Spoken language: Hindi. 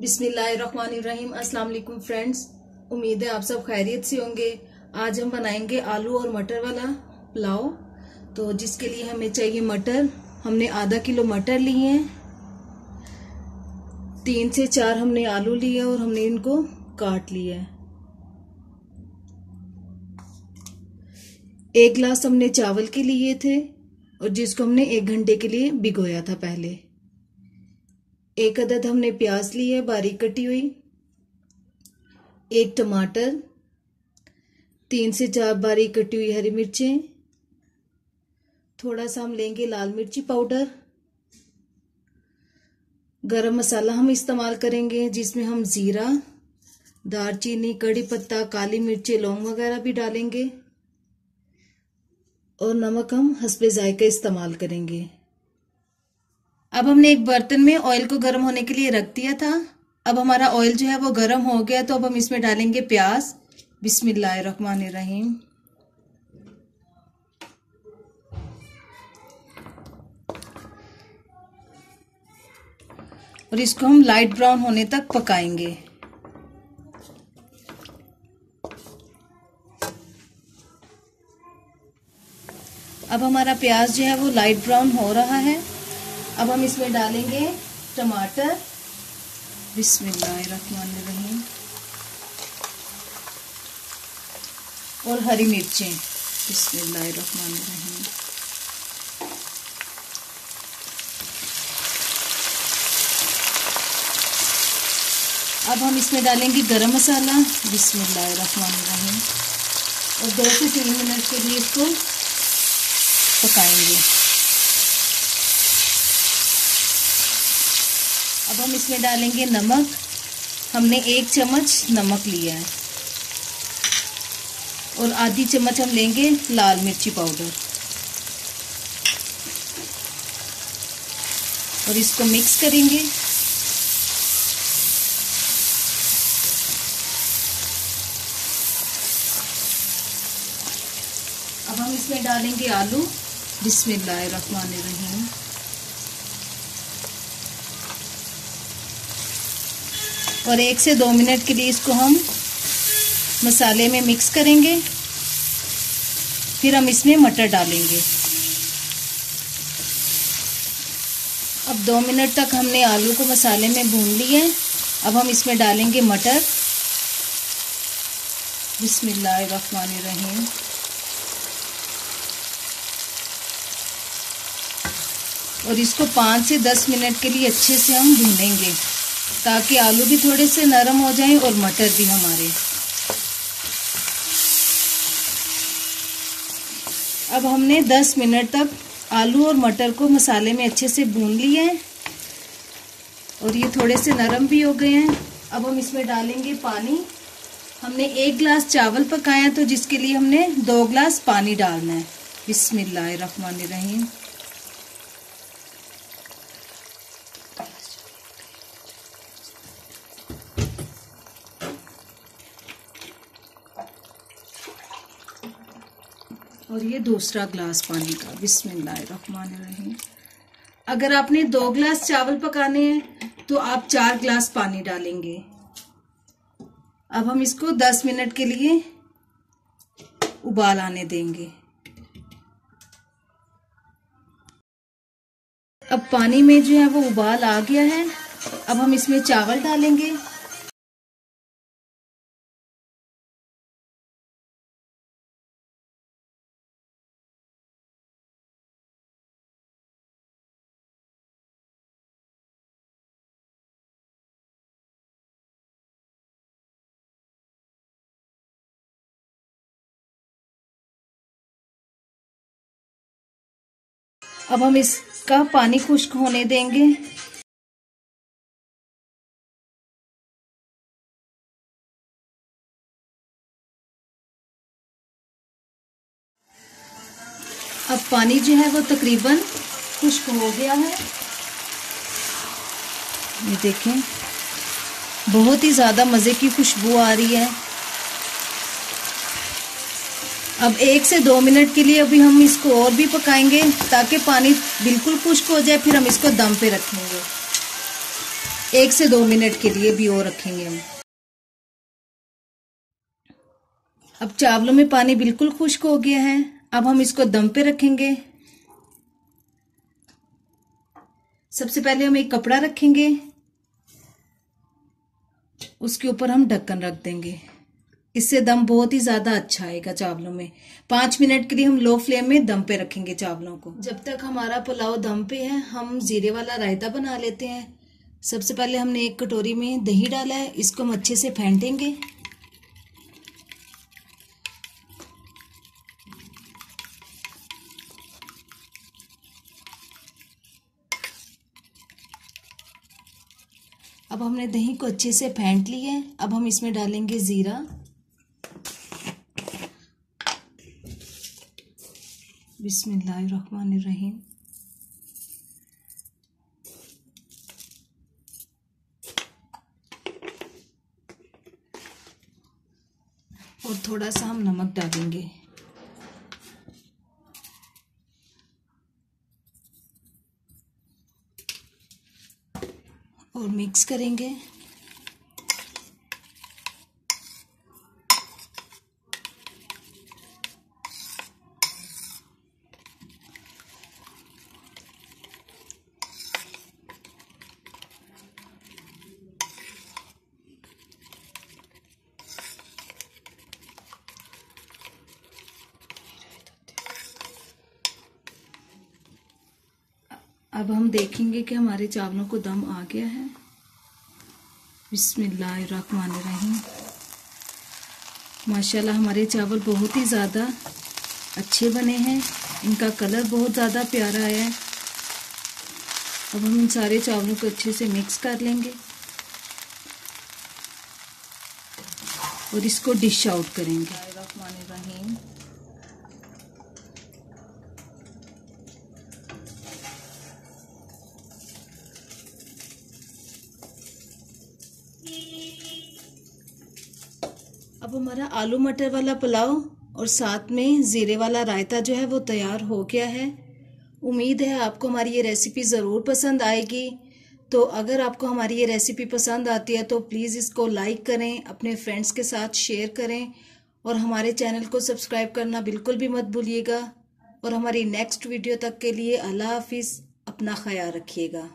बिस्मिल्लाहिर्रहमानिर्रहीम अस्सलाम वालेकुम फ्रेंड्स उम्मीद है आप सब खैरियत से होंगे आज हम बनाएंगे आलू और मटर वाला पुलाव तो जिसके लिए हमें चाहिए मटर हमने आधा किलो मटर लिए हैं तीन से चार हमने आलू लिए और हमने इनको काट लिया है एक गिलास हमने चावल के लिए थे और जिसको हमने एक घंटे के लिए भिगोया था पहले एक अदद हमने प्याज ली है बारीक कटी हुई एक टमाटर तीन से चार बारीक कटी हुई हरी मिर्चें थोड़ा सा हम लेंगे लाल मिर्ची पाउडर गरम मसाला हम इस्तेमाल करेंगे जिसमें हम ज़ीरा दालचीनी कड़ी पत्ता काली मिर्ची लौंग वगैरह भी डालेंगे और नमक हम हंसपे जायका इस्तेमाल करेंगे अब हमने एक बर्तन में ऑयल को गर्म होने के लिए रख दिया था अब हमारा ऑयल जो है वो गर्म हो गया तो अब हम इसमें डालेंगे प्याज रहीम और इसको हम लाइट ब्राउन होने तक पकाएंगे अब हमारा प्याज जो है वो लाइट ब्राउन हो रहा है अब हम इसमें डालेंगे टमाटर बिस्मिल्लाहिर्रहमानिर्रहीम और हरी मिर्चें बिस्मिल्लाहिर्रहमानिर्रहीम अब हम इसमें डालेंगे गरम मसाला बिस्मिल्लाहिर्रहमानिर्रहीम और दो से तीन मिनट के लिए इसको पकाएंगे अब हम इसमें डालेंगे नमक हमने एक चम्मच नमक लिया है और आधी चम्मच हम लेंगे लाल मिर्ची पाउडर और इसको मिक्स करेंगे अब हम इसमें डालेंगे आलू बिस्मिल्लाह रहीम और एक से दो मिनट के लिए इसको हम मसाले में मिक्स करेंगे फिर हम इसमें मटर डालेंगे अब दो मिनट तक हमने आलू को मसाले में भून लिया है अब हम इसमें डालेंगे मटर रहीम और इसको पाँच से दस मिनट के लिए अच्छे से हम भूनेंगे ताकि आलू भी थोड़े से नरम हो जाएं और मटर भी हमारे अब हमने 10 मिनट तक आलू और मटर को मसाले में अच्छे से भून लिए हैं और ये थोड़े से नरम भी हो गए हैं अब हम इसमें डालेंगे पानी हमने एक गिलास चावल पकाया तो जिसके लिए हमने दो गिलास पानी डालना है बिस्मिल्लाह और ये दूसरा ग्लास पानी का बिस्मिल्लाहिर्रहमानिर्रहीम अगर आपने दो ग्लास चावल पकाने हैं तो आप चार ग्लास पानी डालेंगे अब हम इसको दस मिनट के लिए उबाल आने देंगे अब पानी में जो है वो उबाल आ गया है अब हम इसमें चावल डालेंगे अब हम इसका पानी खुश्क होने देंगे अब पानी जो है वो तकरीबन खुश्क हो गया है ये देखें बहुत ही ज़्यादा मज़े की खुशबू आ रही है अब एक से दो मिनट के लिए अभी हम इसको और भी पकाएंगे ताकि पानी बिल्कुल खुश्क हो जाए फिर हम इसको दम पे रखेंगे एक से दो मिनट के लिए भी और रखेंगे हम अब चावलों में पानी बिल्कुल खुश्क हो गया है अब हम इसको दम पे रखेंगे सबसे पहले हम एक कपड़ा रखेंगे उसके ऊपर हम ढक्कन रख देंगे इससे दम बहुत ही ज्यादा अच्छा आएगा चावलों में पांच मिनट के लिए हम लो फ्लेम में दम पे रखेंगे चावलों को जब तक हमारा पुलाव दम पे है हम जीरे वाला रायता बना लेते हैं सबसे पहले हमने एक कटोरी में दही डाला है इसको हम अच्छे से फेंटेंगे अब हमने दही को अच्छे से फेंट लिया है अब हम इसमें डालेंगे ज़ीरा बिस्मिल्लाहिर्रहमानिर्रहीम और थोड़ा सा हम नमक डालेंगे और मिक्स करेंगे अब हम देखेंगे कि हमारे चावलों को दम आ गया है रही माशाल्लाह हमारे चावल बहुत ही ज़्यादा अच्छे बने हैं इनका कलर बहुत ज़्यादा प्यारा आया है अब हम इन सारे चावलों को अच्छे से मिक्स कर लेंगे और इसको डिश आउट करेंगे अब हमारा आलू मटर वाला पुलाव और साथ में ज़ीरे वाला रायता जो है वो तैयार हो गया है उम्मीद है आपको हमारी ये रेसिपी ज़रूर पसंद आएगी तो अगर आपको हमारी ये रेसिपी पसंद आती है तो प्लीज़ इसको लाइक करें अपने फ्रेंड्स के साथ शेयर करें और हमारे चैनल को सब्सक्राइब करना बिल्कुल भी मत भूलिएगा और हमारी नेक्स्ट वीडियो तक के लिए अल्लाह हाफिज़ अपना ख्याल रखिएगा